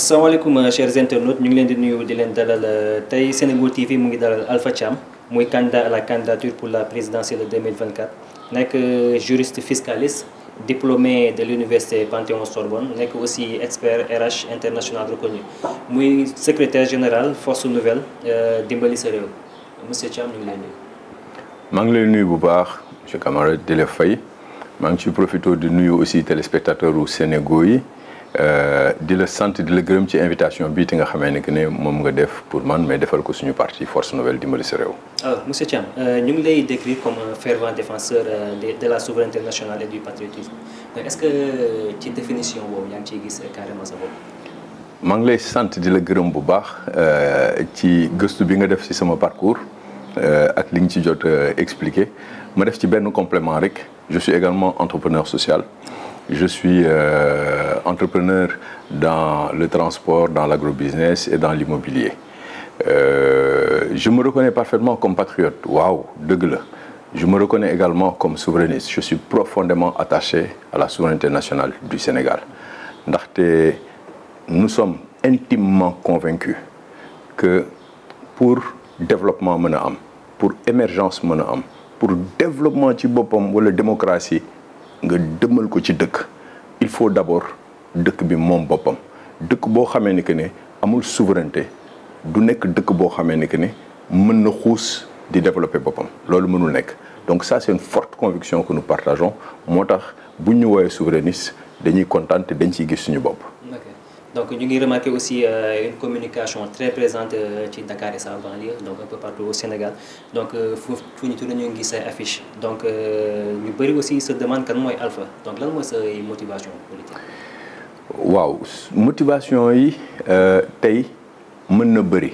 asalaamaaleykum euh, chers internautes ñu ngi leen di nuyu di leen dalal euh, tey Sénégo TV mu ngi dalal Alpha Thiam muy candidat à la candidature pour la présidentielle de 2024 nekk euh, juriste fiscaliste diplômé de l'université Panthéon Sorbonne nekk aussi expert RH international reconnu muy secrétaire général force nouvelle dimbali sa réew monsieur Thiam ñu ngi leen nuyu. maa ngi leen nuyu bu baax monsieur Camara di la fay maa ngi ciy profité di nuyu aussi téléspectateur u Sénégo yi. Euh, di la sant di la gërëm ci invitation bii te nga xamee ne que ne moom nga def pour man mais defal ko suñu parti force nouvelle dimbali sa réew. alors monsieur Thiam euh, ñu ngi lay décrire comme un fervent défenseur euh, de la souveraineté nationale et du patriotisme est-ce que ci définition boobu yaa ngi ciy gis carrément sa bopp. maa ngi lay sant di la gërëm bu baax ci gëstu bi nga def ci sama parcours ak li nga ci jot expliqué ma def ci benn complément rek je suis également entrepreneur social. Je suis euh, entrepreneur dans le transport, dans l'agrobusiness et dans l'immobilier. Euh, je me reconnais parfaitement comme patriote. Waouh, deug la. Je me reconnais également comme souverainiste. Je suis profondément attaché à la souveraineté nationale du Sénégal. Ndaxte nous sommes intimement convaincus que pour développement mën a am pour émergence mën a am pour développement ci boppam wala démocratie nga dëmal ko ci dëkk il faut d'abord dëkk bi moom boppam dëkk boo xamee ni que ne amul souveraineté du nekk dëkk boo xamee ni que ne mën na xuus di développer boppam loolu mënul nekk donc ça c'est une forte conviction que nous partageons moo tax bu ñu woowee souverainiste dañuy kontaan te dañ ciy gis suñu bopp donc ñu ngi remarqué aussi euh, une communication très présente euh, ci Dakar et sa banlieue donc un peu partout au Sénégal donc euh, fu fu ñu tourné ñu ngi say affiche donc ñu bëri aussi sa demande kan mooy Alpha donc lan mooy say motivation politique waaw motivation yi tey mën na bëri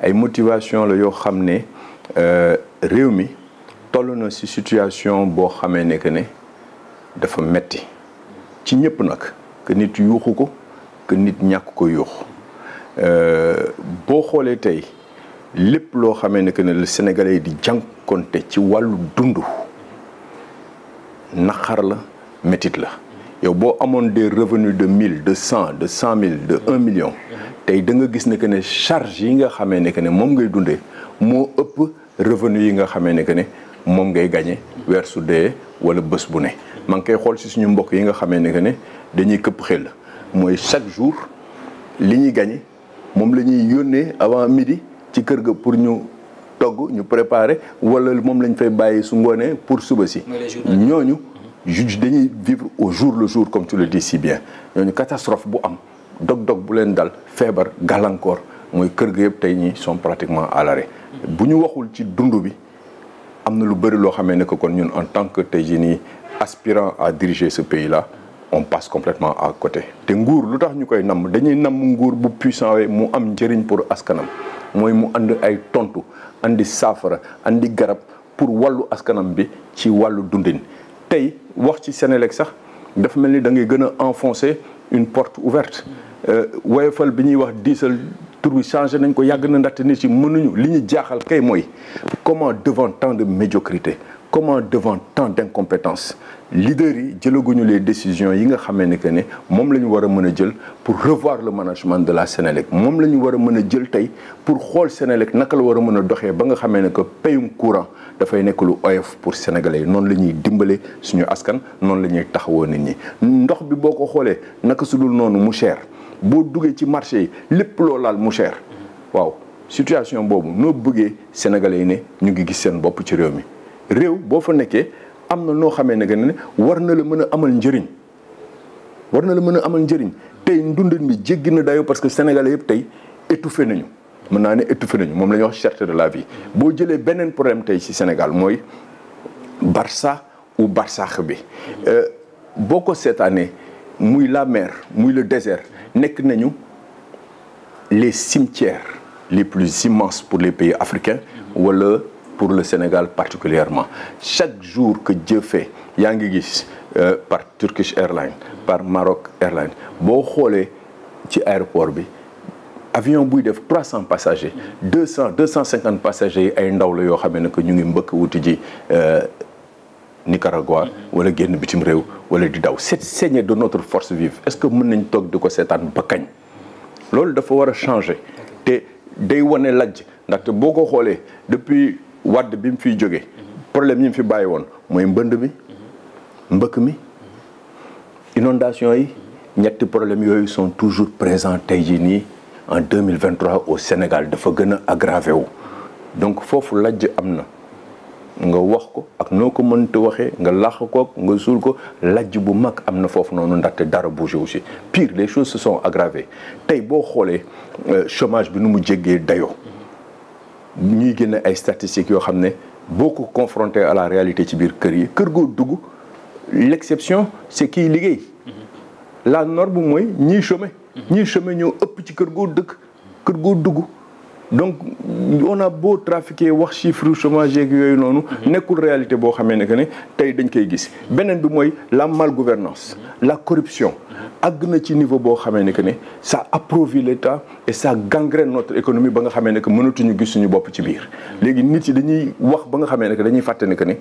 ay motivation la yoo xam ne réew mi toll na si situation boo xamee ne que ne dafa metti ci ñëpp nag que nit yuuxu ko que nit ñàkk ko yuux euh, boo xoolee tey lépp loo xamee ne que ne le sénégalais yi di jànkonte ci wàllu dund naqar la métit la yow boo amoon des revenus de mille de cent de cent mille de un million tey da nga gis ne ne charge yi nga xamee ne que ne moom ngay dundee moo ëpp revenu yi nga xamee ne que ne moom ngay gagné weer su dee wala bés bu ne maa ngi koy xool si suñu mbokk yi nga xamee ne que ne dañuy këpp xel mooy chaque jour li ñuy gagné moom la ñuy yónnee avant midi ci kër ga pour ñu togg ñu préparer wala moom lañ fay bàyyi su ngoonee pour suba si ñooñu juge dañuy vivre au jour le jour comme tu le dis si bien ñooñu catastrophe bu am dog-dog bu leen dal feebar gàllankoor mooy kër ga yëpp tey ñi sont pratiquement à l'arrêt bu ñu waxul ci dund bi am na lu bëri loo xamee ne que kon ñun en tant que tey jii nii aspirant à diriger ce pays la on passe complètement à côté te nguur lu tax ñu koy namm dañuy namm nguur bu puissant we mu am njëriñ pour askanam mooy mu ànd ay tontu andi saafara andi garab pour wàllu askanam bi ci wàllu dundin tey wax ci Senelec sax dafa mel ni da ngay gën a enfoncer une porte ouverte euh, woyofal bi ñuy wax diisal tur bi changé nañ ko yàgg na ndaxte nit yi mënuñu li ñu jaaxal kay mooy comment devant temps de médiocrité comment devant tant d'incompétence leaders yi jëlaguñu les décision yi nga xamee ne ne moom lañu war a mën a jël pour revoir le management de la Sénélec moom la ñu war a mën a jël tey pour xool Sénélec naka la war a mën a doxee ba nga xamee ne que payum courant dafay nekk lu oyof pour yi noonu la ñuy dimbale suñu askan noonu la ñuy taxawoo nit ñi ndox bi boo ko xoolee naka su dul noonu mu cher boo duggee ci marché yi lépp loo laal mu cher waaw situation boobu noo bëggee sénégalais yi ne ñu ngi gis seen bopp ci réew mi réew boo fa nekkee am na noo xamee ne que ne war na la mën a amal njëriñ war na la mën a amal njëriñ tey ndundin bi jéggi na dayoo parce que sénégalais yëpp tey étouffé nañu. mën naa ne étouffé nañu moom lañu ñuy wax cherté de la vie boo jëlee beneen problème tey ci Sénégal mooy Barça ou Barsaax bi euh, boo ko seetaanee muy la mer muy le désert nekk nañu les cimetières les plus immenses pour les pays africain wala. pour le Sénégal particulièrement chaque jour que Dieu yaa ngi gis euh, par Turkish Airlines par Maroc Airlines boo xoolee ci aéroport bi avion buy def trois cent passagers deux cent deux cent cinquante passagers yi ay ndaw la yoo xam ne que ñu ngi mbëkk wuti ji euh, Nicaragua wala génn bitim réew wala di daw c'est saigné de notre force vive est-ce que mën nañ toog di ko seetaan bakkañ kañ loolu dafa war a changer te day wane lajj ndaxte boo ko xoolee depuis wadd bi mu fiy jóge problème yi mu fi bàyyi woon mooy mbënd bi mbëkk mi inondation yi ñetti problème yooyu sont toujours présents tey jii nii en 2023 au Sénégal dafa gën a aggravé wu donc foofu lajj am na nga wax ko ak noo ko mënta waxee nga làq ko nga suul ko lajj bu mag am na foofu noonu ndaxte dara bougé aussi pire les choses se sont aggravées tey boo xoolee euh, chomage bi nu mu jegee dayoo ñuy génne ay statistiques yoo xam ne boo ko confronté à la réalité ci biir kër yi kër goo dugg l'exception c'est kii liggéey la norme mooy ñiy chômer ñiy chômer ñoo ëpp ci kër goo dëkk kër goo dugg donc on boo beau trafiquer wax chiffre chômage yeeg yooyu noonu mhm. nekkul réalité boo xamee ne ne tey dañ koy gis beneen bi mooy la mal malgouvernance la corruption àgg na ci niveau boo xamee ne que ne ça appauvrit l'État et ça gangrène notre économie ba nga xamee ne que mënatuñu gis suñu bopp ci biir. léegi nit yi dañuy wax ba nga xamee ne que dañuy fàtte ne que ne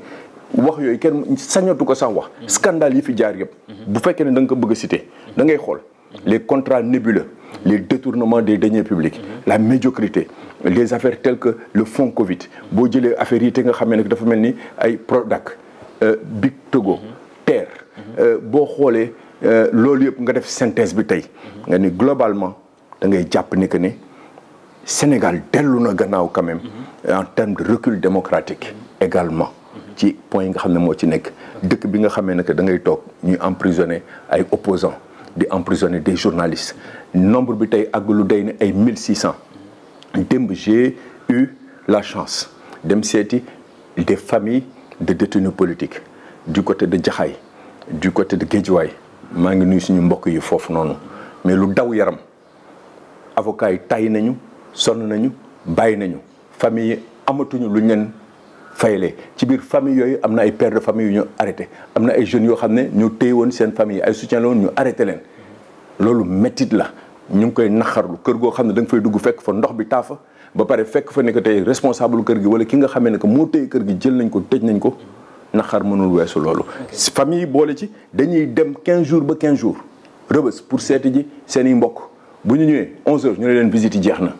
wax yooyu kenn sañatu ko sax wax. scandale yi fi jaar yëpp. bu fekkee ne da ko bëgg a citer da ngay xool. les contrats nébuleux les détournements des deniers publique la médiocrité les affaires telles que le fonds Covid boo jëlee affaire yi te nga xamee ne dafa mel ni ay Prodac euh, Big Togo mhm. TER euh, boo xoolee. Euh, loolu yëpp nga def synthèse bi tey mhm. nga ni globalement da ngay jàpp ni que ne Sénégal dellu na gannaaw quand mhm. en termes de recul démocratique mhm. également ci point yi nga xam ne moo ci nekk dëkk bi nga xamee ne que da ngay toog ñuy emprisonné ay opposants di emprisonné des journalistes nombre bi tey ak lu day ne ay mille six cent démb la chance dem seeti des familles de détenus politique du côté de Jaxaay du côté de Guédiawaye maa ngi nuyu suñu mbokk yi foofu noonu mais lu daw yaram avocat yi tay nañu sonn nañu bàyyi nañu famille yi amatuñu luñ leen fayalee ci biir famille yooyu am na ay pères de yu ñu arrêté am na ay jeunes yoo xam ne ñoo tëye woon seen famille ay soutien woon ñu arrêté leen loolu méttit la ñu ngi koy naxarlu kër goo xam ne da nga fay dugg fekk fa ndox bi taafa ba pare fekk fa ne que tey responsable kër gi wala ki nga xamee ne que moo téye kër gi jël nañ ko tëj nañ ko naqar mënul weesu loolu. famille boole ci dañuy dem 15 jours ba 15 jours rëbës pour seeti ji seeni i mbokk bu ñu ñëwee 11h ñu ne leen visite jeex na.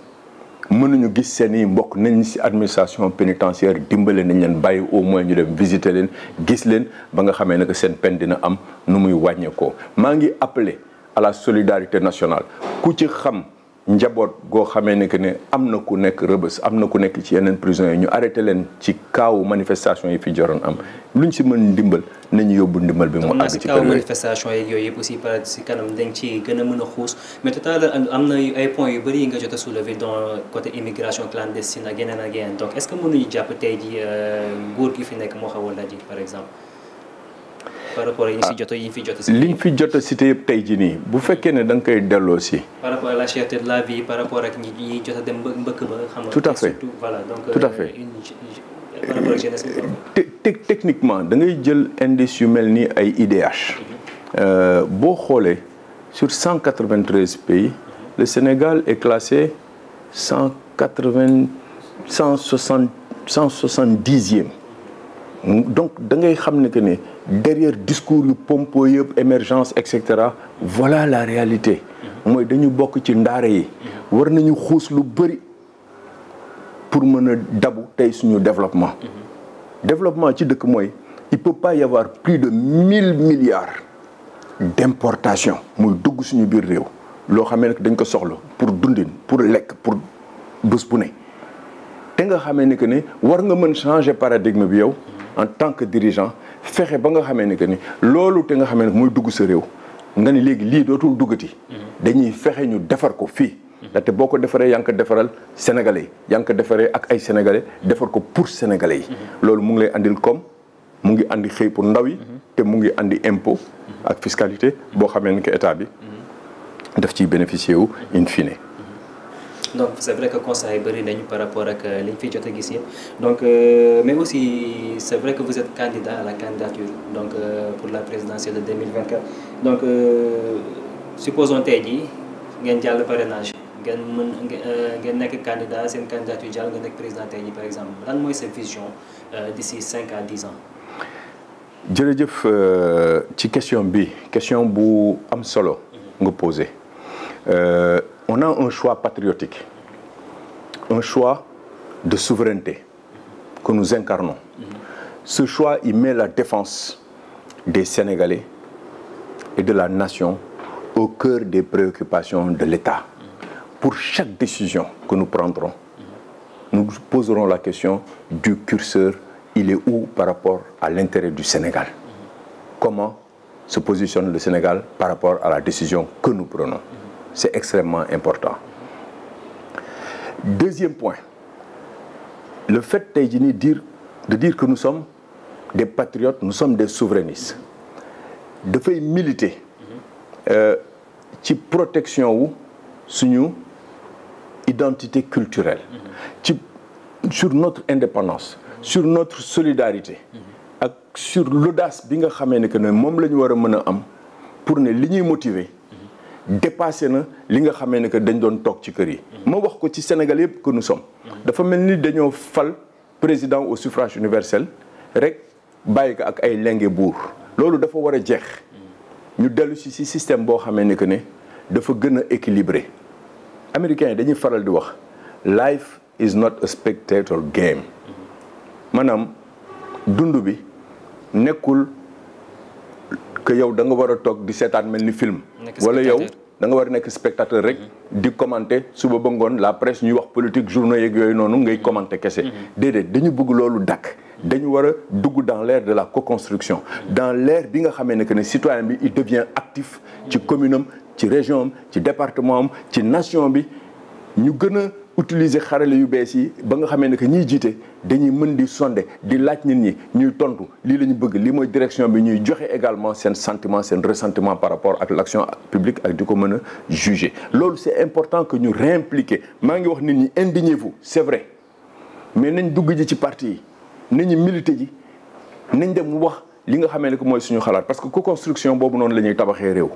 mënuñu gis seeni i mbokk nañ si administration pénitentiaire dimbalee nañ leen bàyyi au moins ñu dem visiter leen gis leen ba nga xamee nag seen pen dina am nu muy wàññeekoo maa ngi appelé à la solidarité nationale ku ci xam. njaboot goo xamee ne que ne am na ku nekk rëbës am na ku nekk ci yeneen prison yi ñu arrêté leen ci kaawu manifestation yi fi joroon am ñu si mën ndimbal nañu yóbbu ndimbal bi mu àgg ci kaawu manifestation yi yooyu yëpp aussi peut-être si kanam dañ ci gën a xuus mais tout am na ay points yu bëri yi nga jot a soulever dans côté immigration clandestine a geneen ak yeneen donc est-ce que mënuñu jàpp tey ji euh, nguur gi fi nekk moo xawal laaj ji par exemple par rapport ñu fi jot si ñu fi jot tey jii nii bu fekkee ne da koy delloo si. par rapport à la cherté de la vie par rapport ak ñi xam nga tout à fait voilà donc tout à fait euh, techniquement da ngay jël indice yu mel ni ay IDH. Mhm. Euh, boo xoolee sur 193 pays le Sénégal est classé 180 160 170e donc da ngay xam ne que ne. derrière discours yu pompo yëpp émergence et cetera voilà la réalité mooy dañu bokk ci ndaare yi war nañu xuus lu bëri pour mën a dabu tey suñu développement développement ci dëkk mooy il peut pas y plus de mille milliards d'importation muy dugg suñu biir réew loo xamee ne dañ ko soxla pour dundin pour lekk pour bés bu ne te nga xamee ne que ne war nga mën changer paradigme bi yow en tant que dirigeant fexe ba nga xamee ne que ni loolu te nga xamee ne muy dugg sa réew nga ni léegi lii dootul duggati. Mhm. dañuy fexe ñu defar ko fii. Mhm. ndaxte boo ko defaree yaa defaral sénégalais yi defaree ak ay sénégalais defar ko pour sénégalais yi. Mhm. loolu mu ngi lay andil koom mu ngi andi xëy pour ndaw yi. te mu ngi andi impôt. ak fiscalité boo xamee ne que état bi. daf ciy bénéficier wu in fine. donc c' est vrai que constat yi bëri nañu par rapport ak euh, li ñu fi jot a gis yëpp donc euh, mais aussi c' est vrai que vous êtes candidat à la candidature donc euh, pour la présidentielle de 2024 donc supposons tey jii ngeen jàll parrainage ngeen ngeen nekk candidat seen candidature jàll nga nekk président tey par exemple lan mooy sa vision d' ici 5 à 10 ans. jërëjëf ci question bi question bu am solo nga posé. on a un choix patriotique, un choix de souveraineté que nous incarnons. Mhm. Ce choix, il met la défense des Sénégalais et de la nation au cœur des préoccupations de l'État. Mhm. Pour chaque décision que nous prendrons, mhm. nous poserons la question du curseur, il est où par rapport à l'intérêt du Sénégal Comment se positionne le Sénégal par rapport à la décision que nous prenons c'est extrêmement important deuxième point le fait tey ji nii diir de dire que nous sommes des patriotes nous sommes des souverainistes dafay militer mm-hmm. euh, ci protection wu suñu identité culturelle mm-hmm. ci sur notre indépendance mm-hmm. sur notre solidarité ak sur l'audace bi nga xamee ne que ne moom la ñu war a mën a am pour ne li ñuy motiver dépassé na li nga xamee ne que dañ doon toog ci kër yi. ma wax ko ci Sénégal yëpp que nous dafa mel ni dañoo fal président au suffrage universel rek bàyyi ko ak ay lengue buur loolu dafa war a jeex. ñu dellu si si système boo xamee ne que ne dafa gën a équilibré. américain yi dañuy faral di wax life is not a spectator game maanaam dund bi nekkul. que yow da nga war a toog di seetaan mel ni film. wala yow da war a nekk spectateur rek. Mhm. di commenter suba ba ngoon la presse ñuy wax politique journaux yeeg yooyu noonu ngay commenter kese. Mhm. déedéet dañu bugg loolu dakk dañu war a dugg dans l'ère de la co-construction mhm. dans l'ère bi nga xamee ne que ne citoyen bi il devient actif ci commune am ci région am ci département ci nation bi ñu gën utiliser xarale yu bees yi ba nga xamee ne que jiite dañuy mën di sonde di laaj nit ñi ñuy tontu lii la ñu bëgg lii mooy direction bi ñuy joxe également seen sentiment seen ressentiment par rapport ak l' action publique ak di ko mën a juger. loolu c' est important que ñu réimpliquer maa ngi wax nit ñi indignez-vous est vrai mais nañ dugg ji ci partie yi nañu milité ji nañ dem wax. li nga xamee ne ko mooy suñu xalaat parce que co-construction boobu noonu la ñuy tabaxee réew.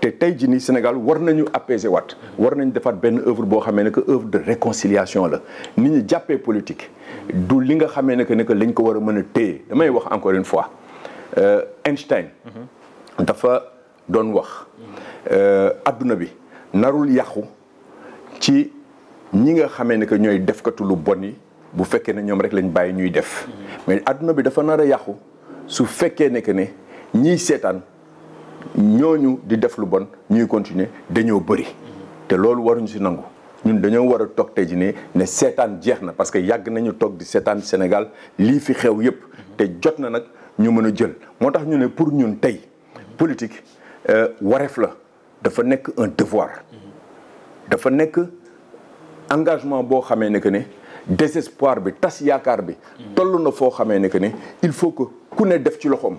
te tey jii nii Sénégal war nañu apaiser waat. war nañu defaat benn œuvre boo xamee ne que œuvre de réconciliation la ni ñu jàppee politique. du li nga xamee ne que ne que lañ ko war a mën a téye damay wax encore une fois euh, Einstein. dafa doon wax. Euh, adduna bi narul yàqu ci ñi nga xamee ne que ñooy defkatu lu bon yi bu fekkee ne ñoom rek lañ bàyyi ñuy def. Mm-hmm. mais adduna bi dafa nar yàqu. su fekkee ne que ne ñiy seetaan ñooñu di def lu bon ñuy continuer dañoo bëri te loolu waruñu si nangu ñun dañoo war a toog tey ji ne ne seetaan jeex na parce que yàgg nañu toog di seetaan Sénégal lii fi xew yëpp te jot na nag ñu mën a jël moo tax ñu ne pour ñun tey politique euh, wareef la dafa nekk un devoir dafa nekk engagement boo xamee ne que ne désespoir bi tas yaakaar bi. toll na foo xamee ne que ne il faut que ku ne def ci loxoom.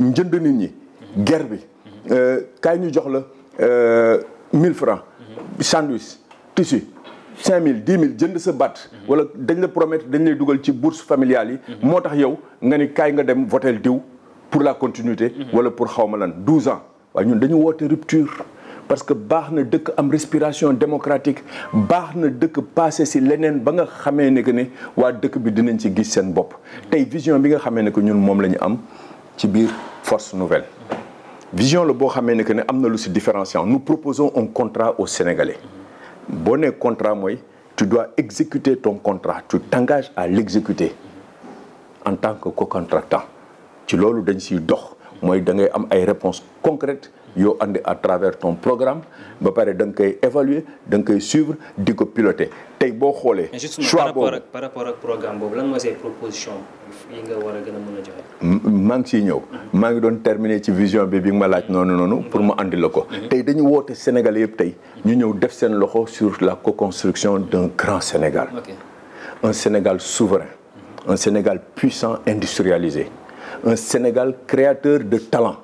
njënd nit ñi. guerre bi. Euh, kaay ñu jox la 1000 euh, francs sandwich tissu. cinq mille dix mille jënd sa baat wala dañ la promettre dañ lay dugal ci bourse familiale yi moo tax yow nga ni kaay nga dem votel diw pour la continuité mhm. wala pour xawma lan douze ans waaye ñun dañu woote rupture parce que baax na dëkk am respiration démocratique baax na dëkk passé si leneen ba nga xamee ne que ne waa dëkk bi dinañ ci gis seen bopp tey vision bi nga xamee ne que ñun moom lañu am ci biir force nouvelle vision la boo xamee ne que ne am na lu si différenciant nu proposons un contrat au Sénégalais boo ne contrat mooy tu dois exécuter ton contrat tu t'engages à l'exécuter en tant que co temps ci loolu dañ siy dox mooy da ngay am ay réponses concrètes yow andi à travers ton programme ba pare da koy évaluer da nga koy suivre di ko piloter tey boo xoolee. choix boobu par rapport ak programme boobu lan mooy a gën a mën a joxe. maa ñëw. Mm-hmm. maa ngi doon terminer ci vision bi bi nga ma laaj mm-hmm. noonu noonu pour ma andi la ko. Mm-hmm. tey dañu woote Sénégalais yëpp tey ñu ñëw def seen loxo sur la co-construction d'un grand Sénégal. un Sénégal souverain. un Sénégal puissant industrialisé. un Sénégal créateur de talent.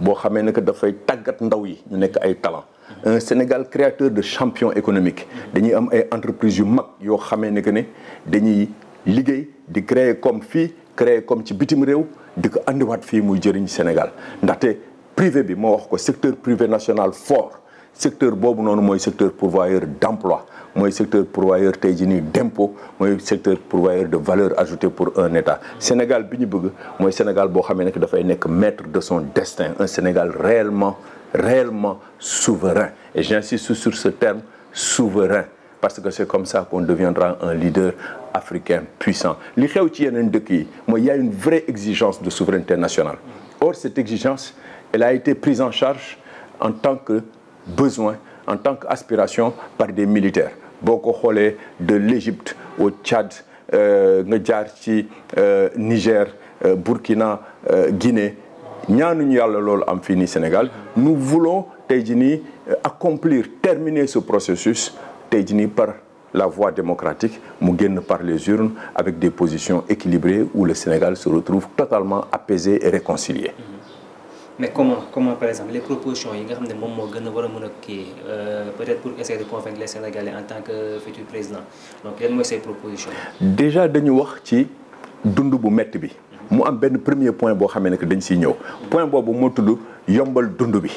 boo xamee ne que dafay tàggat ndaw yi ñu nekk ay talent un Sénégal créateur de champion économique dañuy am ay entreprises yu mag yoo xamee ne que ne dañuy liggéey di créer comme fii créer comme ci bitim réew di ko andiwaat fii muy jëriñ Sénégal ndaxte privé bi moo wax ko secteur privé national fort secteur boobu noonu mooy secteur pourvoyeur d'emploi mooy secteur pourvoyeur tey jii nii d'impôt mooy secteur pourvoyeur de valeur ajoutée pour un État Sénégal bi ñu bëgg mooy Sénégal boo xamee ne dafay nekk maître de son destin un Sénégal réellement réellement souverain et j'insiste sur ce terme souverain parce que c'est comme ça qu'on deviendra un leader africain puissant li xew ci yeneen dëkk yi mooy y a une vraie exigence de souveraineté nationale or cette exigence elle en tant que besoin en tant qu'aspiration par des militaires boo ko xoolee de l'Égypte au Tchad euh, nga jaar ci euh, Niger euh, Burkina Guinée ñaanuñu yàlla loolu am fii nii Sénégal nous voulons tey jii nii accomplir terminer ce processus tey jii nii par la voie démocratique mu génn par les urnes avec des positions équilibrées où le Sénégal se retrouve totalement apaisé et réconcilié mais comment comment par exemple les yi nga xam ne moom moo gën a mën a kii euh, peut-être pour essayer de convaincre les Sénégalais tant que futur président donc yan mooy say propositions. déjà dañuy wax ci dund bu métti bi. mu am benn premier point boo xamee ne que dañ siy ñëw. point boobu moo tudd yombal dund bi.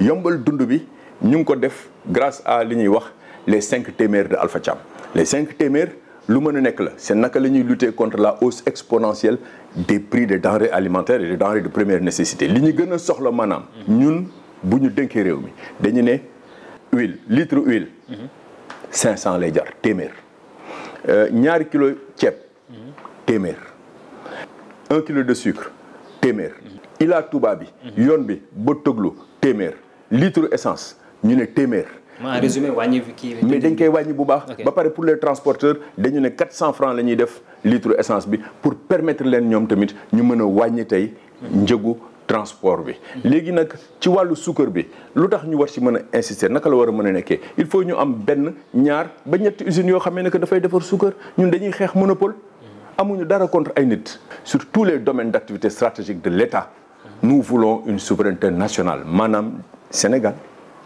yombal dund bi ñu ngi ko def grace à li ñuy wax les cinq téeméer de Alpha Thiam les cinq téeméer. lu mën a nekk la seen naka la ñuy lutter contre la hausse exponentielle des prix de denrées alimentaire et des denrées de première nécessité li ñu gën a soxla maanaam ñun bu ñu dénkee réew mi dañu ne huile litre huile cinq cent lay jar téeméer euh, ñaari kilo ceeb téeméer un kilo de sucre téeméer ilaa Touba bi yoon bi ba Toglu téeméer litre essence ñu ne téeméer ma en résumé wàññi kii mais dañ koy wàññi bu baax. ba pare pour les transporteur dañu ne 400 francs la ñuy def litre essence bi pour permettre leen ñoom tamit ñu mën a wàññi tey njëgu transport bi. léegi nag ci wàllu suukar bi lu tax ñu war si mën a insister naka la war a mën a nekkee il faut ñu am benn ñaar ba ñett usines yoo xamee ne que dafay defar suukar ñun dañuy xeex monopole. amuñu dara contre ay nit sur tous les domaines d' activité stratégique de l' État. nous voulons une souveraineté nationale maanaam Sénégal.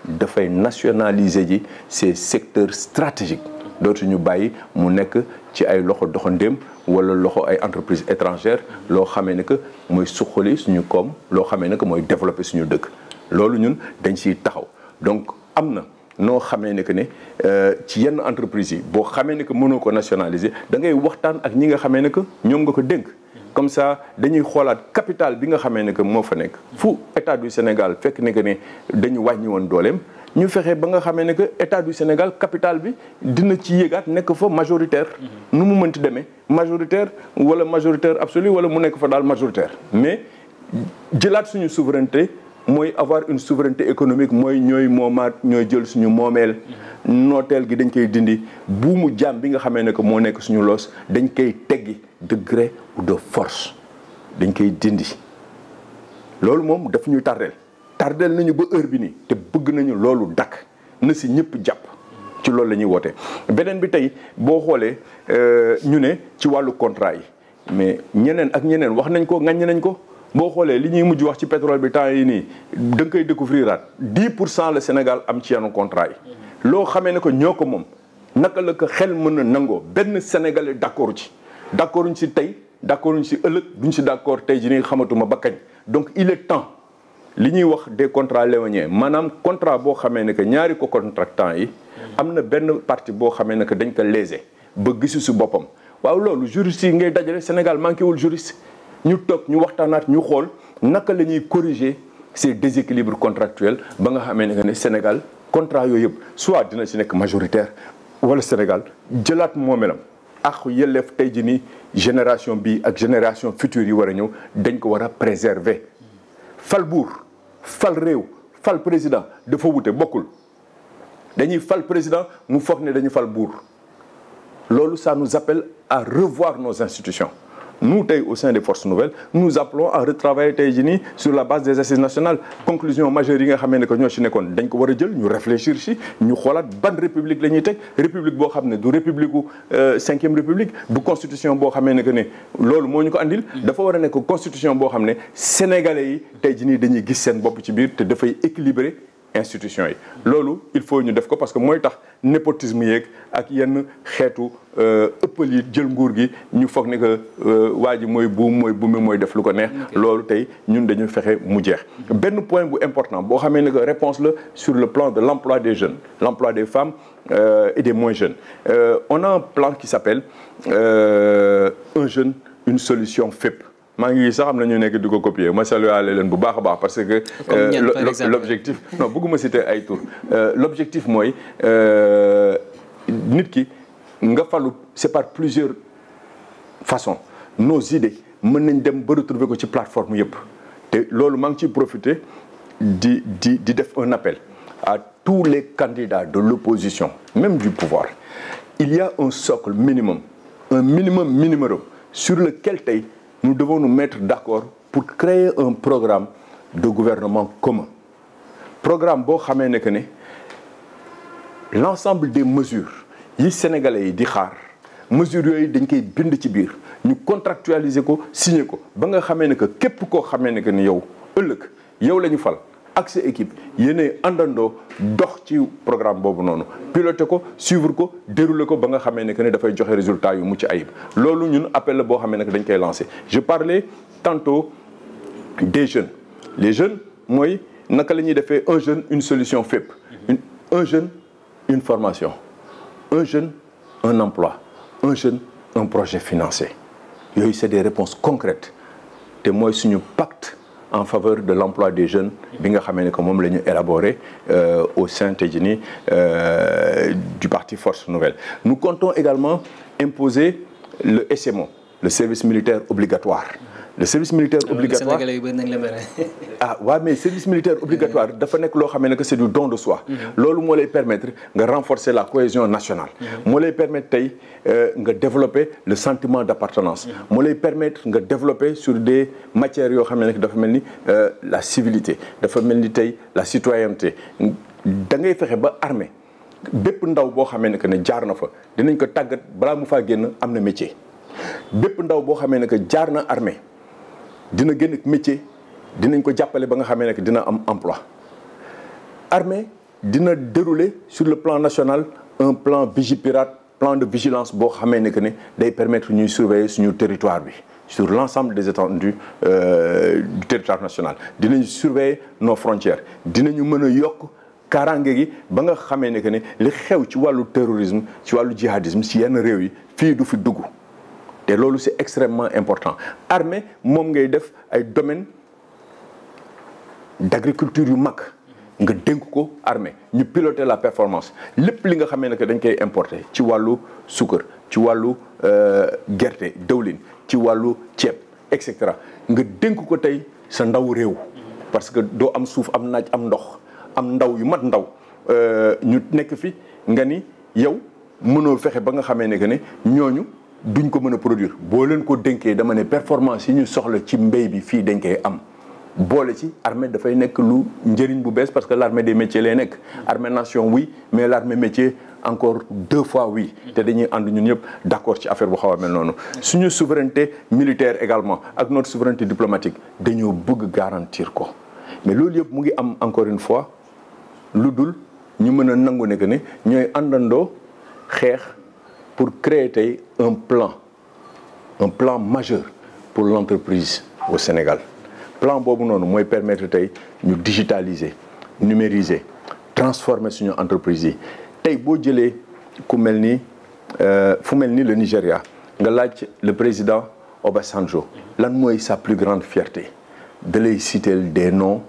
dafay nationaliser ji ces secteurs stratégiques dootuñu bàyyi mu nekk ci ay loxo doxandéem wala loxo ay entreprises étrangères loo xamee ne que mooy suqali suñu koom loo xamee ne mooy développer suñu dëkk loolu ñun dañ ciy taxaw donc am na noo xamee ne que ne euh, ci yenn entreprises yi boo xamee ne que mënoo ko nationaliser da ngay waxtaan ak ñi nga xamee ne ñoom nga ko dénk comme sa dañuy xoolaat capital bi nga xamee ne que moo fa nekk fu état du Sénégal fekk ne que ne dañu wàññi woon dooleem ñu fexe ba nga xamee ne que état du Sénégal capital bi dina ci yéegaat nekk fa majoritaire mhm. nu mu mënti demee majoritaire wala majoritaire absolu wala mu nekk fa daal majoritaire mais jëlaat suñu souveraineté mooy avoir une souveraineté économique mooy ñooy moomaat ñooy jël suñu moomeel mhm. nooteel gi dañ koy dindi buumu jaam bi nga xamee ne que moo nekk suñu loos dañ koy teggi degré ou de force dañ koy dindi loolu moom daf ñuy tardeel tardeel nañu ba heure bi nii te bëgg nañu loolu dakk na si ñëpp jàpp ci loolu la ñuy woote beneen bi tey boo xoolee euh, ñu ne ci wàllu contrat yi mais ñeneen ak ñeneen wax nañ ko ŋaññe nañ ko boo xoolee li ñuy mujj wax ci pétrole bi temps yi nii da nga koy découvriraat 10 pour cent la Sénégal am ci yanu contrat yi. loo xamee ne ko ñoo ko moom naka la ko xel mën na nangoo benn sénégalais d' accord ci d' accord ci tey. d'accord ñu si ëllëg duñ si d'accord tey ji nii xamatuma ba kañ donc il est temps li ñuy wax des contrats léoniens maanaam contrat boo xamee ne que ñaari ko contractants yi am na benn partie boo xamee ne que dañ ko léser ba gisu si boppam waaw loolu juriste yi ngay dajale Sénégal manqué wul juriste ñu toog ñu waxtaanaat ñu xool naka la ñuy corriger ces déséquilibres contractuels ba nga xamee ne que ne Sénégal contrat yooyu yëpp soit dina si nekk majoritaire wala Sénégal jëlaat moomelam ak yëlleef tey ji nii génération bi ak génération future yi war a ñëw dañ ko war a préserver fal buur fal réew fal président dafa wute bokkul dañuy fal président mu foog ne dañu fal buur loolu ça nous appelle à revoir nos institutions nous tey au sein des forces nouvelles nous appelons à retravailler tey jii nii sur la base des assises nationales conclusion majeure nga xamee ne que ñoo ci nekkoon dañ ko war a jël ñu réfléchir ci ñu xoolaat ban république la ñuy teg république boo xam ne du république u euh, cinquième république du constitution boo xamee ne que ne loolu moo ñu ko andil dafa war a nekk constitution boo xam ne sénégalais yi tey ji nii dañuy gis seen bopp ci biir te dafay équilibré institution yi loolu il faut ñu def ko parce que mooy tax népotisme yeeg ak yenn xeetu euh, ëppal yi jël nguur gi ñu foog ne que euh, waa ji mooy buum mooy buumi mooy def lu ko neex loolu tey ñun dañu fexe mu jeex benn point bu important boo xamee ne que réponse la sur le plan de l'emploi des jeunes l'emploi des femmes euh, et des moins jeunes euh, on a un plan qui s'appelle euh, un jeune une solution FEP maa ngi sax am na ñu nekk di ko copier ma saluwaale leen bu baax a baax parce que. Euh, l'objectif non bëgguma citer ay tur euh, l'objectif mooy euh, nit ki nga falu c'est par plusieurs façons nos idées mën nañ dem ba retrouver ko ci plateforme yëpp te loolu maa ngi ciy profiter di di di def un appel a tous les candidats de l'opposition même du pouvoir il ya a un socle minimum un minimum minimum sur lequel tey nous devons nous mettre d'accord pour créer un programme de gouvernement commun programme boo xamee ne que ne l'ensemble des mesures yi sénégalais yi di xaar mesures yooyu dañ koy bind ci biir ñu contractualiser ko signer ko ba nga xamee ne que képp koo xamee ne que ni yow ëllëg yow lañu ñu fal ak sa équipe yéenay àndandoo dox ci programme boobu noonu piloté ko suivre ko déroulé ko ba nga xamee ne que ne dafay joxe résultat yu mucc ayib loolu ñun appel boo xamee ne que dañ koy lancé je parlais des jeunes les jeunes mooy naka la ñuy defee un jeune une solution fépp un jeune une formation un jeune un emploi un jeune un projet financé yooyu c'est des réponses concrètes te mooy suñu pacte en faveur de l'emploi des jeunes bi nga xamee ne que moom la ñu élaboré euh, au sein tey jii nii euh, du parti Force Nouvelle nous comptons également imposer le SMO le service militaire obligatoire le service militaire euh, obligatoire ah waaw mais service militaire obligatoire mm-hmm. dafa nekk loo xam ne que c'est du don de soi mm-hmm. loolu moo lay permettre nga renforcer la cohésion nationale mm-hmm. moo lay permetre tey euh, nga développer le sentiment d'appartenance moo lay permettre nga développer sur des matières yoo xam ne dafa mel ni euh, la civilité dafa mel ni tey la citoyenneté da ngay fexe ba armée bépp ndaw boo xamee ne que ne jaar na fa dinañ ko tàggat balaa mu faa génn am na métier bépp ndaw boo xamee ne que jaar na armée dina gën métier dinañ ko jàppale ba nga xamee ne dina am emploi armée dina dérouler sur le plan national un plan Vigipirate plan de vigilance boo xamee ne que ne day permettre ñuy surveiller suñu territoire bi sur l'ensemble des étendues euh, du territoire national dinañ surveiller nos frontières dinañu mën a yokk kaaraange gi ba nga xamee ne que ne li xew ci wàllu terrorisme ci wàllu jihadisme si yenn réew yi fii du fi dugg loolu c'est extrêmement important armée moom ngay def ay domaine d'agriculture yu mag nga dénk ko armée ñu piloter la performance lépp li nga xamee ne que dañ koy importer ci wàllu suukar ci wàllu euh, gerte dëwlin ci wàllu ceeb et cetera nga dénk ko tey sa ndaw réew parce que doo am suuf am naaj am ndox am ndaw yu mat ndaw euh, ñu nekk fi nga ni yow mënoo fexe ba nga xamee ne que ne ñooñu duñ ko mën a produire boo leen ko dénkee dama ne performance yi ñu soxla ci mbéy bi fii dañ koy am boole ci armée dafay nekk lu njëriñ bu bees parce que l' armée des métiers lay nekk armée nation oui mais l' armée métier encore deux fois oui te dañuy ànd ñun ñëpp d' accord ci affaire bu xaw a mel noonu suñu souveraineté militaire également ak notre souveraineté diplomatique dañoo bëgg garantir ko mais loolu yëpp mu ngi am encore une fois lu dul ñu mën a nangu ne ne ñooy àndandoo xeex pour créer tey un plan un plan majeur pour l'entreprise au Sénégal plan boobu noonu mooy permettre tey ñu digitaliser numériser transformer suñu entreprise yi tey boo jëlee ku mel ni euh, fu mel ni le Nigéria nga laaj le président Obasanjo lan mooy sa plus grande fierté da lay citer des noms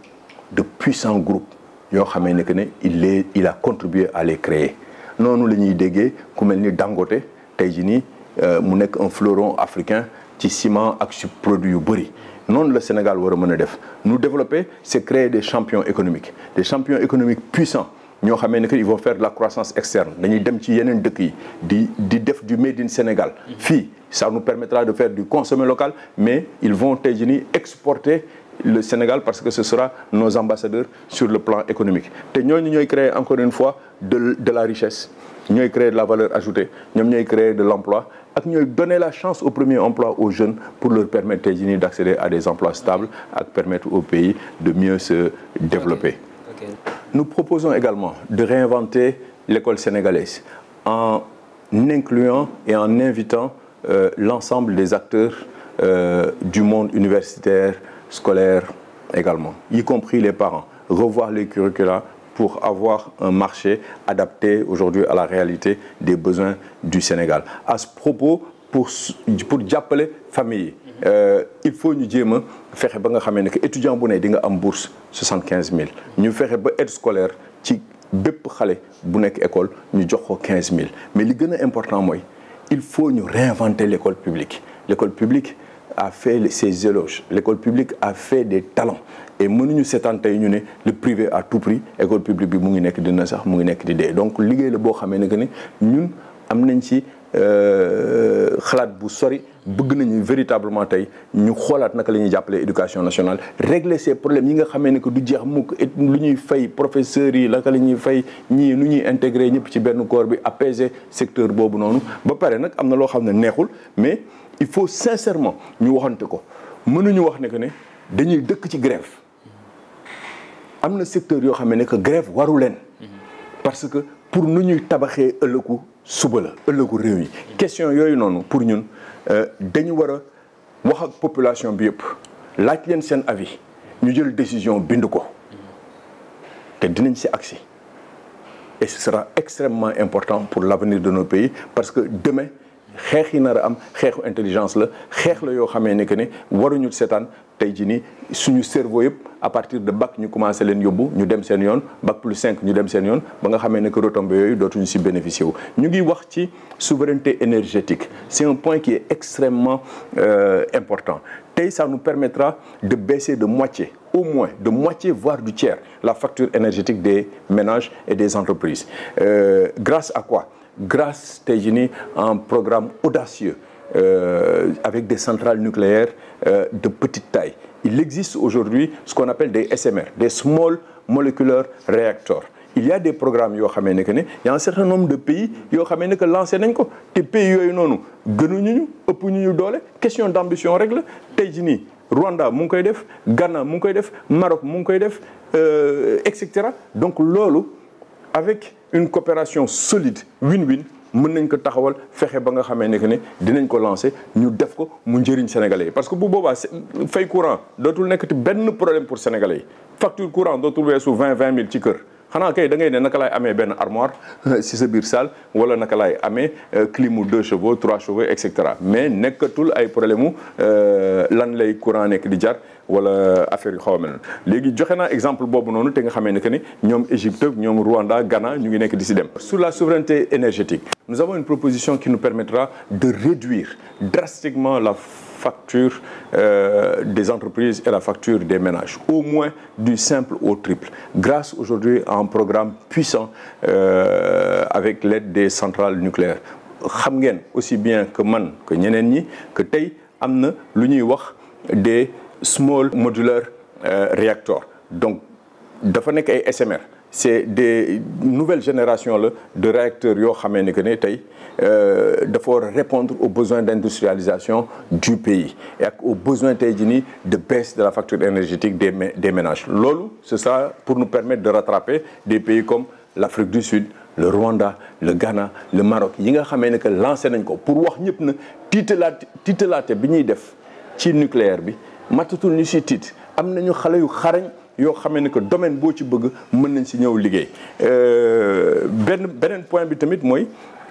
de puissants groupes yoo xamee ne que ne il est il a contribué à les créer noonu la ñuy déggee ku mel ni Dangote tey jii nii euh, mu nekk un fleuron africain ci ciment ak su produit yu bëri noonu la Sénégal war a mën a def nous développer c'est créer des champions économiques des champions économiques puissants ñoo xamee ne que ils vont faire de la croissance externe dañuy dem ci yeneen dëkk yi di di def du made Sénégal mm-hmm. fii ça nous permettra de faire du consommer local mais ils vont tey jii nii exporter le Sénégal parce que ce sera nos ambassadeurs sur le plan économique te ñooñu ñooy créer encore une fois de de la richesse ñooy créer de la valeur ajoutée ñoom ñooy créer de l'emploi ak ñooy donner la chance au premier emploi aux jeunes pour leur permettre tey jii nii d'accéder à des emplois stables ak permettre au pays de mieux se développer nous proposons également de réinventer l'école sénégalaise en incluant et en invitant euh, l'ensemble des acteurs euh, du monde scolaires également, y compris les parents. Revoir les curricula pour avoir un marché adapté aujourd'hui à la réalité des besoins du Sénégal. À ce propos, pour pour jàppale famille yi mhm. euh, il faut ñu jéem a fexe ba nga xamee ne que étudiant bu ne di nga am bourse soixante quinze mille ñu fexe ba aide scolaire ci bépp xale bu nekk école ñu jox ko quinze mille mais li gën a important mooy il faut ñu réinventer l'école publique l'école publique a fait ses éloges l'école publique a fait des talents et mënuñu seetaan tey ñu ne le privé à tout prix école publique bi mu ngi nekk dina sax mu ngi nekk di dee donc liggéey la boo xamee ne que ñun am nañ ci euh, xalaat bu sori bëgg nañu véritablement tey ñu xoolaat naka la ñuy jàppale éducation nationale régler ces problèmes ñi nga xamee ne que du jeex mukk lu ñuy fay professeurs yi naka la ñuy fay ñii nu ñuy intégrer ñëpp ci benn corps bi apaiser secteur boobu noonu ba pare nag am na loo xam ne neexul mais il faut sincèrement ñu waxante ko mënuñu wax ne que ne dañuy dëkk ci grève am na secteur yoo xam ne que grève waru leen parce que pour nu ñuy tabaxee ëllëgu suba la ëllëgu réew yi question yooyu noonu pour ñun euh, dañu war a wax ak population bi yëpp laaj leen seen avis ñu jël décision bind ko te dinañ si agsi et ce sera extrêmement important pour l'avenir de nos pays parce que demain xeex yi nar a am xeexu intelligence la xeex la yoo xamee ni que ne waruñu seetaan tey jii nii suñu cerveau yëpp à partir de bac ñu commencé leen yóbbu ñu dem seen yoon bac plus 5 ñu dem seen yoon ba nga xamee ne que retombées yooyu dootuñu si bénéficier wu. ñu ngi wax ci souveraineté énergétique c'est un point qui est extrêmement euh, important tey ça nous permettra de baisser de moitié au moins de moitié voire du tiers la facture énergétique des ménages et des entreprises euh, grâce à quoi. grace tey jii nii un programme audacieux euh, avec des centrales nucléaires euh, de petite taille il existe aujourd'hui ce qu'on appelle des SMR des small molecular reactors il y a des programmes yoo xamee ne que ne y a un certain nombre de pays yoo xamee ne que lancé nañ ko te pays yooyu noonu gënuñu ñu ëpp ñu ñu doole question d'ambition rek la tey jii nii Rwanda mu ngi koy def Ghana mu ngi koy def Maroc mu ngi koy def euh, et cetera donc loolu avec une coopération solide win-win mën nañ ko taxawal fexe ba nga xamee ne que ne dinañ ko lancer ñu def ko mu njëriñ sénégalais yi parce que bu boobaa fay courant dootul nekkati benn problème pour sénégalais yi facture courant dootul weesu vingt vingt mille ci kër. xanaa kay da ngay ne naka laay amee benn armoire si sa biir salle wala naka laay amee euh, climu deux chevaux trois chevaux et cetera mais nekkatul ay problème mu euh, lan lay courant nekk di jar wala affaire yu xaw a léegi joxe naa exemple boobu noonu te nga xamee ne ni ñoom Égypte ñoom Rwanda Ghana ñu ngi nekk di si dem. sur la souveraineté énergétique nous avons une proposition qui nous permettra de réduire drastiquement la. facture euh, des entreprises et la facture des ménages, au moins du simple au triple, grâce aujourd'hui à un programme puissant euh, avec l'aide des centrales nucléaires. xam ngeen aussi bien que man que ñeneen ñi que tey am na lu ñuy wax des small modular euh, reactors donc dafa nekk ay SMR c'est des nouvelles génération la de réacteurs yoo xamee ni que ne tey euh, dafa war répondre aux besoins d'industrialisation du pays et ak aux besoins tey jii nii de baisse de la facture énergétique des des ménages loolu c'est ça pour nous permettre de rattraper des pays comme l'Afrique du Sud le Rwanda le Ghana le Maroc yi nga xamee ne que lancé nañ ko pour wax ñëpp na tiitalaate tiitalaate bi ñuy def ci nucléaire bi matatul ñu si tiit am nañu xale yu xarañ yoo xamee ni que domaine boo ci bëgg mën nañ si ñëw liggéey euh, benn beneen point bi tamit mooy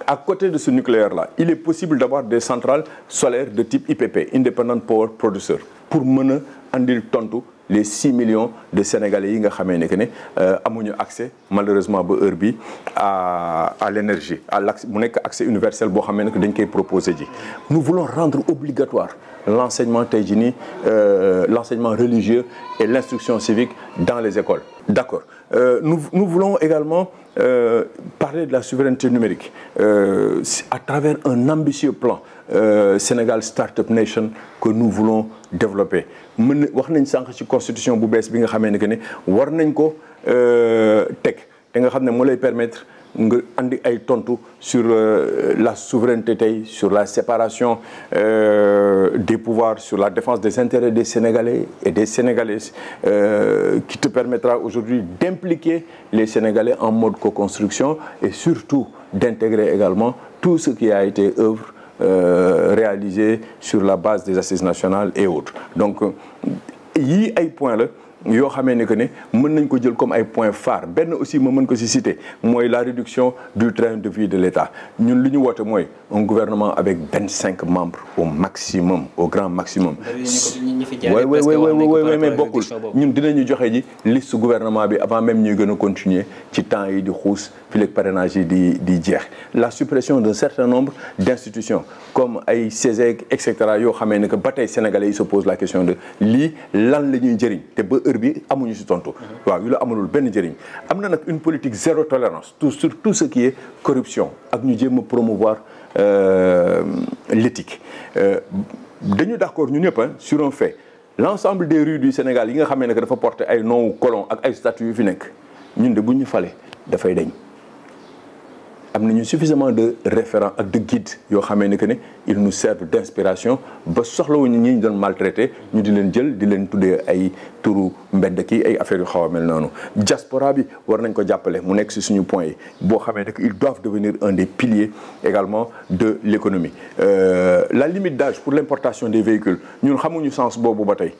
à côté de ce nucléaire là il est possible d'avoir des centrales solaires de type IPP Independent Power Producer pour mën a indi tontu les six millions de sénégalais yi nga xamee ne que ne euh, amuñu accès malheureusement ba heure bi à à l'énergie à mu nekk accès universel boo xamee ne que dañ koy proposer ji nous voulons rendre obligatoire l'enseignement tey jii nii euh, l'enseignement religieux et l'instruction civique dans les écoles d'accord Euh, nous, nous voulons également euh, parler de la souveraineté numérique euh, à travers un ambitieux plan euh, Sénégal Startup Nation que nous voulons développer mën wax nañ sànq ci constitution bu bees bi nga xamee ne que ne war nañ ko euh, teg te nga xam ne moo lay permettre nga andi ay tontu sur euh, la souveraineté tey sur la séparation euh, des pouvoirs sur la défense des intérêts des Sénégalais et des Sénégalaises euh, qui te permettra aujourd'hui d'impliquer les Sénégalais en mode co-construction et surtout d'intégrer également tout ce qui a été œuvre réalisée sur la base des assises nationales et autres donc yii ay points la yoo xamee ni que ne mën nañ ko jël comme ay point phare benn aussi ma mën ko ci citer mooy la réduction du train de vie de l'État ñun li ñu woote mooy un gouvernement avec vingt cinq membres au maximum au grand maximum. waaye waaye waaye mais bokkul ñun dinañu joxe ji liste gouvernement bi avant même ñuy gën a continuer ci temps yi di xuus fileeg parrainage yi di di jeex la suppression d'un certain nombre d'institutions comme ay CESEG et cetera yoo xamee ne que ba tey sénégalais yi se la question de lii lan la ñuy jëriñ bi amuñu si tontu. waaw yu la amalul benn njëriñ am na nag une politique zéro tolérance tout sur tout ce qui est corruption ak ñu jéem a promouvoir euh, l'éthique euh, dañu d'accord ñu ñëpp sur un fait l'ensemble des rues du Sénégal yi nga xamee ne dafa porter ay noms colons ak ay statues yu fi nekk ñun de bu ñu fale dafay dañ. am nañu suffisamment de référents ak de guides yoo xamee ne que ne ils nous servent d' inspiration ba soxlawuñu ñi ñu doon maltraité ñu di leen jël di leen tuddee ay turu mbedd ki ay affaires yu xaw a mel noonu. diaspora bi war nañ ko jàppale mu nekk si suñu point yi boo xamee ne que ils doivent devenir un des piliers également de l' économie euh, la limite dage pour l' importation des véhicules ñun xamuñu sens boobu ba tey.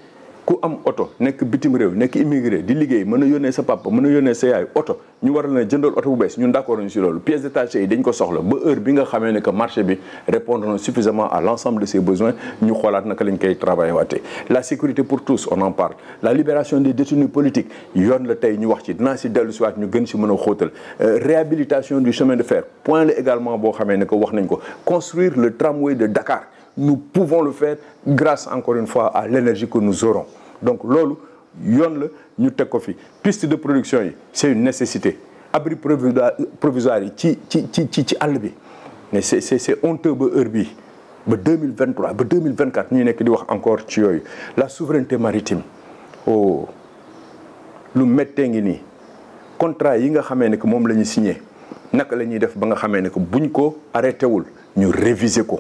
ku am oto nekk bitim réew nekk immigré di liggéey mën a yónnee sa papa mën a yónnee sa yaay oto ñu waral na jëndal oto bu bees ñun d'accord ñu si loolu pièces détachées yi dañ ko soxla ba heure bi nga xamee ne que marché bi répondre na suffisamment à l'ensemble de ses besoins ñu xoolaat naka lañ koy travailler waatee la sécurité pour tous on en parle la libération des détenus politiques yoon la tey ñu wax ci dinaa si dellu siwaat ñu gën si mën a xóotal euh, réhabilitation du chemin également boo xamee ne que wax nañ ko construire le nous pouvons le faire grâce encore une fois à l'énergie que nous aurons donc loolu yoon la ñu teg ko fi piste de production yi c'est une nécessité abri provisoire yi ci ci ci ci ci àll bi mais c'est c'est c'est honteux ba heure bii ba 2023 ba 2024 ñuy nekk di wax encore ci yooyu la souveraineté maritime oh lu méttee ngi nii contrat yi nga xamee ne que moom la ñu signé naka la ñuy def ba nga xamee ne que buñ ko arrêté wul ñu réviser ko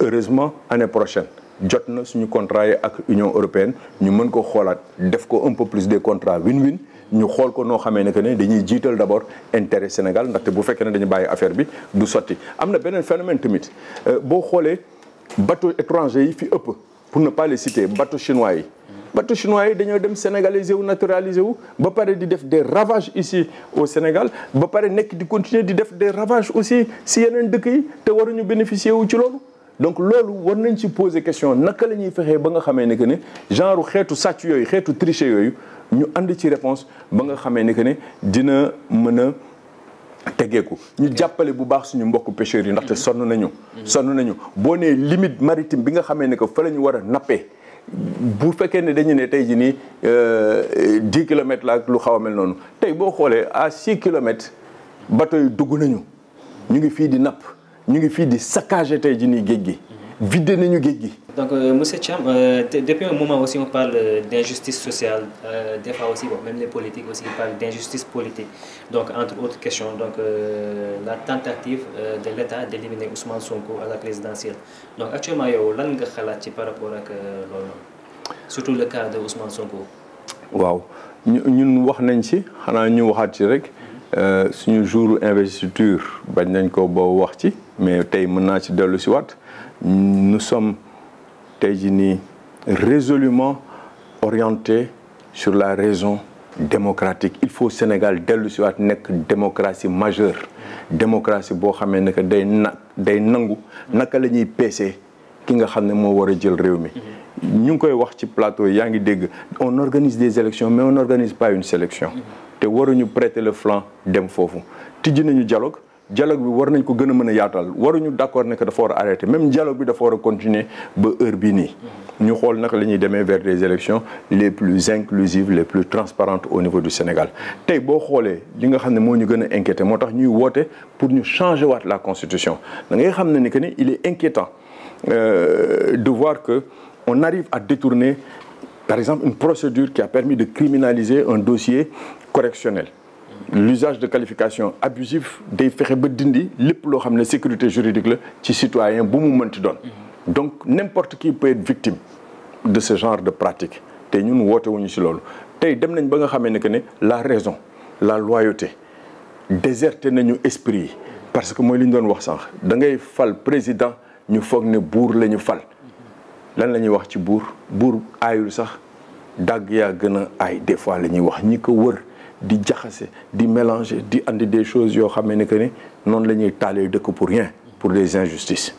heureusement année prochaine jot na suñu contrat yi ak Union européenne ñu mën ko xoolaat def ko un peu plus des contrats win-win ñu xool ko noo xamee ne que ne dañuy jiital d' abord intérêt Sénégal ndaxte bu fekkee ne dañu bàyyi affaire bi du sotti am na beneen phénomène tamit euh, boo xoolee bateau étranger yi fi ëpp pour ne pas les citer bateau chinois yi. bateau chinois yi dañoo dem sénégaliser wu naturaliser wu ba pare di def des ravages ici au Sénégal ba pare nekk di continuer di def des ravages aussi si yeneen dëkk yi te waruñu bénéficier wu ci loolu. donc loolu war nañ ci poser question naka la ñuy fexee ba nga xamee ne que ne genre xeetu sàcc yooyu xeetu tricher yooyu ñu ànd ci réponse ba nga xamee ne que ne dina mën a tegeeku ñu jàppale bu baax suñu mbokk pêcheurs yi ndaxte sonn nañu sonn nañu boo nee limite maritime bi nga xamee ne que fa la ñu war a nappee bu fekkee ne dañu ne tey jii nii euh, dix kilomètres la ak lu xaw a mel noonu tey boo xoolee à six kilomètres bateau yi dugg nañu ñu ngi fii di napp ñu ngi fii di saccagé tey ji ni géej gi. vidé nañu géej gi. donc euh, monsieur Thiam euh, depuis un moment aussi on parle euh, d'injustice sociale euh, aussi bon, même les politiques aussi parlent d'injustice politique donc entre autres questions donc euh, la tentative euh, de l'État d'éliminer Ousmane Sonko à la présidentielle donc actuellement yow lan nga xalaat ci par rapport ak loolu surtout le cas de Ousmane Sonko. waaw ñu wax nañ ci xanaa ñu waxaat ci rek mm-hmm. suñu jour investiture bañ nañ ko ba wax ci. mais tey mën naa ci dellu si waat nous sommes tey jii nii résolument orientés sur la raison démocratique il faut Sénégal dellu si waat nekk démocratie majeure démocratie boo xamee ne que day na day nangu naka la ñuy peesee ki nga xam ne moo war a jël réew mi ñu ngi koy wax ci plateau yaa ngi dégg on organise des élections mais on n'organise pas une sélection te waruñu prêter le flanc dem foofu tijji nañu dialogue dialogue bi war nañ ko gën a mën a yaatal waruñu d'accord ne que dafa war a arrêter même dialogue bi dafa war a continuer ba heure bii nii. ñu xool naka la ñuy demee vers des élections les plus inclusives les plus transparentes au niveau du Sénégal tey boo xoolee li nga xam ne moo ñu gën a inquiété moo tax ñuy woote pour ñu changer waat la constitution dangay xam ne ni que ni il est inquiétant euh, de voir que on arrive à détourner par exemple une procédure qui a permis de criminaliser un dossier correctionnel. l'usage de qualification abusif day fexe ba dindi lépp loo xam ne sécurité juridique la ci citoyen bu mu mënti doon donc n'importe qui peut être victime de ce genre de pratique te ñun woote wu ñu ci loolu tey dem nañ ba nga xamee ne que ne la raison la loyauté déserté nañu esprit yi parce que mooy li ñu doon wax sànq da ngay fal président ñu foog ne buur la ñu fal lan la ñuy wax ci buur buur aayul sax dàgg yaa gën a aay des fois la ñuy wax ñi ko wër di jaxase di mélanger di andi des chose yoo xam ne que ni noonu la ñuy taalee dëkk pour rien pour des injustices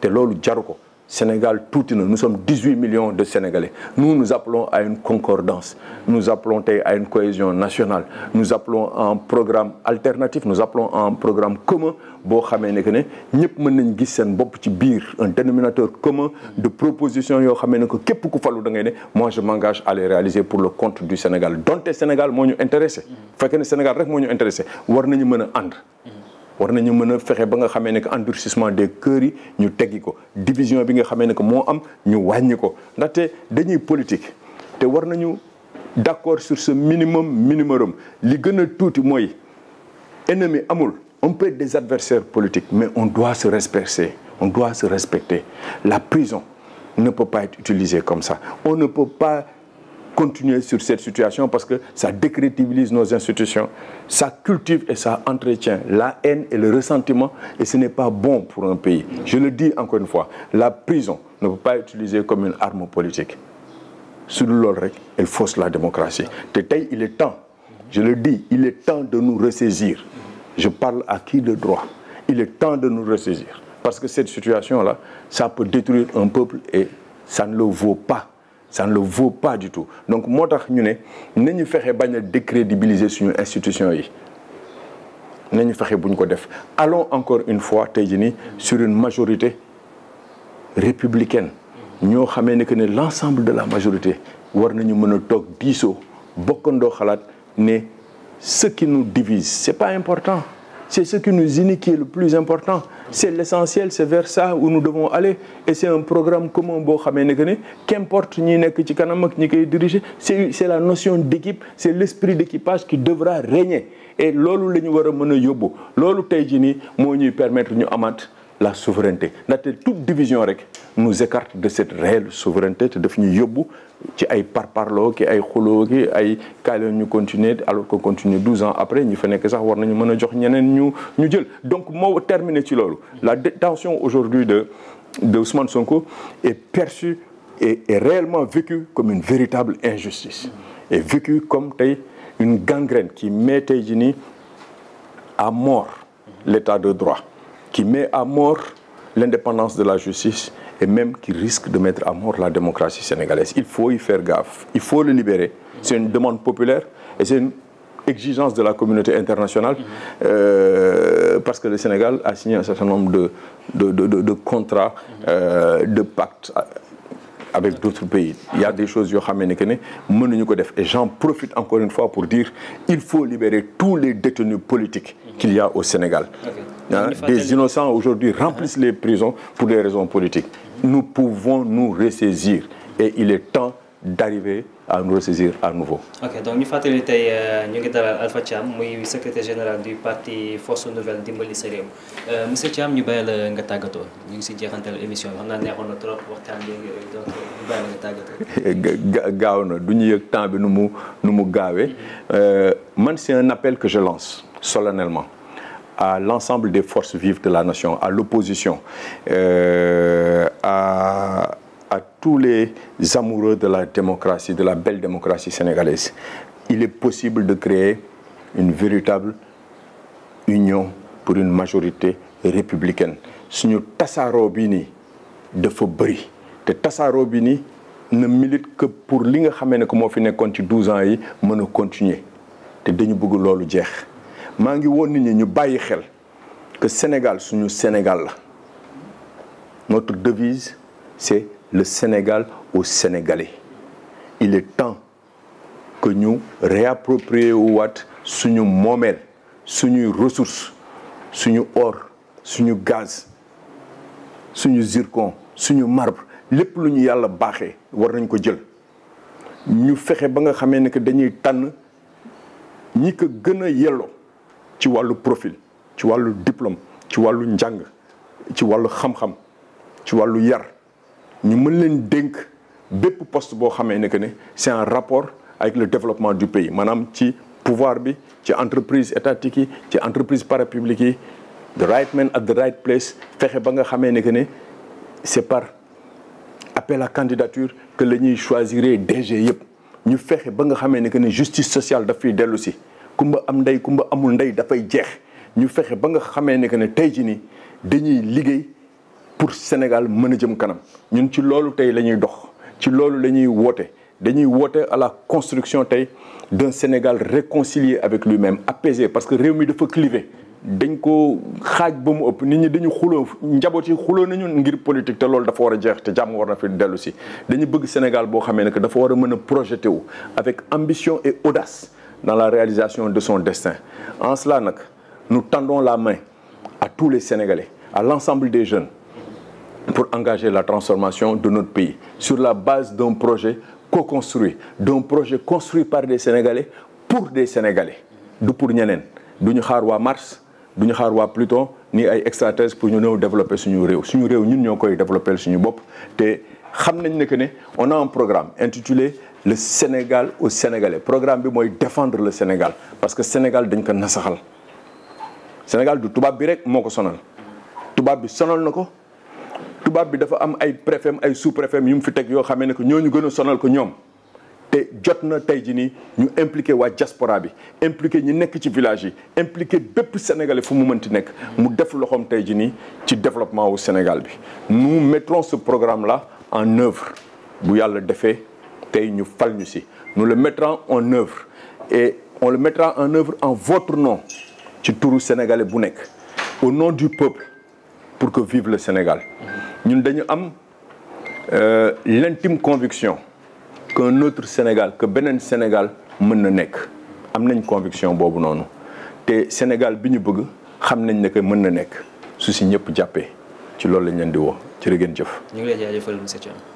te loolu jaru ko Sénégal tuuti na nous sommes dix-huit millions de Sénégalais nous nous appelons à une concordance nous appelons tey à une cohésion nationale nous appelons à un programme alternatif nous appelons à un programme commun boo xamee ne que ne ñëpp mën nañ gis seen bopp ci biir un dénominateur commun de proposition yoo xamee ne que képp ku falu da ngay ne moi je m'engage à pour le compte du Sénégal donte Sénégal moo ñu intéressé mm-hmm. fekkee ne Sénégal rek moo ñu intéressé war nañu mën a ànd mm-hmm. war nañu mën a fexe ba nga xamee ne que endurcissement des cœurs yi ñu teggi ko division bi nga xamee ne moo am ñu wàññi ko ndaxte dañuy politique te war nañu d' accord sur ce minimum minimum li gën a tuuti mooy ennemi amul on peut être des adversaires politiques, mais on doit se respecter. On doit se respecter. La prison ne peut pas être utilisée comme ça. On ne peut pas continuer sur cette situation parce que ça décrédibilise nos institutions, ça cultive et ça entretient la haine et le ressentiment et ce n'est pas bon pour un pays. Je le dis encore une fois, la prison ne peut pas être utilisée comme une arme politique. Sur loolu rek, elle fausse la démocratie. Te tey il est temps, je le dis, il est temps de nous ressaisir. Je parle à qui de droit Il est temps de nous ressaisir. Parce que cette situation-là, ça peut détruire un peuple et ça ne le vaut pas. Ça ne le vaut pas du tout. Donc, moo tax ñu ne nañu fexe bañ a décrédibiliser suñu institutions yi nañu fexe buñ ko def allons encore une fois te jii nii sur une majorité républicaine ñoo xamee ne que ne l'ensemble de la majorité war nañu mën a toog diisoo bokkandoo xalaat ne ce qui nous divise c'est pas important c'est ce qui nous unit qui est le plus important c'est l'essentiel c'est vers ça où nous devons aller et c'est un programme commun boo xamee ne que ne qu'importe ñi nekk ci kanam ak ñi koy diriger c'est c'est la notion d'équipe c'est l'esprit d'équipage qui devra régner et loolu la ñu war a mën a yóbbu loolu tey jii nii moo ñuy permettre ñu amaat la souveraineté ndaxte toute division rek nous écarte de cette réelle souveraineté te daf ñu yóbbu ci ay parparloo ki ay xuloo ki ay kaale ñu continuer alors que continuer douze ans après ñu fa nekk sax war nañu mën a jox ñeneen ñu ñu jël donc moo terminer ci loolu la détention aujourd'hui de de Ousmane Sonko est perçue et est réellement vécue comme une véritable injustice est vécue comme tey une gangrène qui met tey jii nii à mort l'état de droit qui met à mort l'indépendance de la justice et même qui risque de mettre à mort la démocratie sénégalaise. Il faut y faire gaffe, il faut le libérer. C'est une demande populaire et c'est une exigence de la communauté internationale mhm. euh, parce que le Sénégal a signé un certain nombre de, de, de, de contrats, euh, de pactes euh, avec d'autres pays il y a des choses yoo xam ne que ne mënuñu ko def et j'en profite encore une fois pour dire il faut libérer tous les détenus politiques qu'il y a au Sénégal okay. des innocents aujourd'hui remplissent les prisons pour des raisons politiques nous pouvons nous ressaisir et il est temps d'arriver à nous ressaisir à nouveau. ok donc ñu fàttali tey euh, ñu ngi dalal Alpha Thiam muy secrétaire général du parti Force Nouvelle dimbali sa réew euh, monsieur ñu bàyyi nga tàggatoo ñu ngi si jeexantal émission bi xam naa neexoon na trop gaaw na du ñu yëg temps bi nu mu nu mu gaawee mhm. euh, man c'est un appel que je lance solennellement à l'ensemble des forces vives de la nation à l'opposition à. tous les amoureux de la démocratie, de la belle démocratie sénégalaise. Il est possible de créer une véritable union pour une majorité républicaine suñu tasaaroo bi nii dafa bëri te tasaaroo bi nii na milite que pour li nga xamee ne que moo fi nekkoon ci douze ans yi mën a continuer te dañu bëgg loolu jeex maa ngi woon nit ñu bàyyi xel que Sénégal suñu Sénégal la notre devise le Sénégal au Sénégalais il est temps que ñu réapproprier waat suñu moomeel suñuy ressources suñu or suñu gaz suñu zircon suñu marbre lépp lu ñu yàlla baaxee war nañ ko jël ñu fexe ba nga xamee ne que dañuy tànn ñi ko gën a yelloo ci wàllu profil ci wàllu diplôme ci wàllu njàng ci wàllu xamxam ci wàllu yar ñu mën leen dénk bépp post boo xamee ne que ne c'est en rapport avec le développement du pays maanaam ci pouvoir bi ci entreprise étatique yi ci entreprise parapublique yi the right man at the right place fexe ba nga xamee ne que ne c'est par appel à candidature que la ñuy choisir DG yëpp ñu fexe ba nga xamee ne que ne justice sociale daf fiy dellu si kumba am ndey kumba amul ndey dafay jeex ñu fexe ba nga xamee ne que ne tey jii nii dañuy liggéey pour Sénégal mën a jëm kanam ñun ci loolu tey la ñuy dox ci loolu la ñuy woote dañuy woote à la construction tey d'un Sénégal réconcilié avec lui-même apaisé parce que réew mi dafa cliver dañ ko xaaj ba mu ëpp ni ñu dañu xuloo njaboot yi xuloo nañu ngir politique te lool dafa war a jeex te jàmm war na fi dellu si dañu bëgg Sénégal boo xamee ne dafa war a mën a projeté wu avec ambition et audace dans la réalisation de son destin en cela nag nu tendons la main à tous les Sénégalais à l'ensemble des jeunes pour engager la transformation de notre pays sur la base d'un projet co-construit d'un projet construit par des Sénégalais pour de Sénégalais du pour ñeneen du ñu xaar waa Mars du ñu xaar waa Pluton ni ay extraterrestres pour ñu ñëw développer suñu réew suñu réew ñun ñoo koy développer suñu bopp te xam nañ ne que ne on a un programme intitulé le Sénégal au Sénégalais programme bi mooy défendre le Sénégal parce que Sénégal dañ ko nasaxal Sénégal du tubaab bi rek moo ko sonal tubaab bi dafa am ay préfet ay sous préfet yu mu fi teg yoo xamee ne que ñooñu gën a sonal ko ñoom te jot na tey ji nii ñu impliqué waa diaspora bi impliqué ñu nekk ci village yi impliqué bépp sénégalais fu mu mënti nekk mu def loxoom tey ji nii ci développement wu Sénégal bi nous mettrons ce programme la en œuvre bu yàlla defee tey ñu fal ñu si nous le mettrons en œuvre et on le mettra en œuvre en votre nom ci turu sénégalais bu nekk au nom du peuple pour que vive le Sénégal ñun dañu am euh, l'intime conviction qu'un autre Sénégal que beneen Sénégal mën na nekk am nañ conviction boobu noonu te Sénégal bi ñu bëgg xam nañ ne que mën na nekk su si ñëpp jàppee ci loolu lañ leen di woo ci rëgën jëf. ñu ngi lay jaajëfal monsieur Thiam.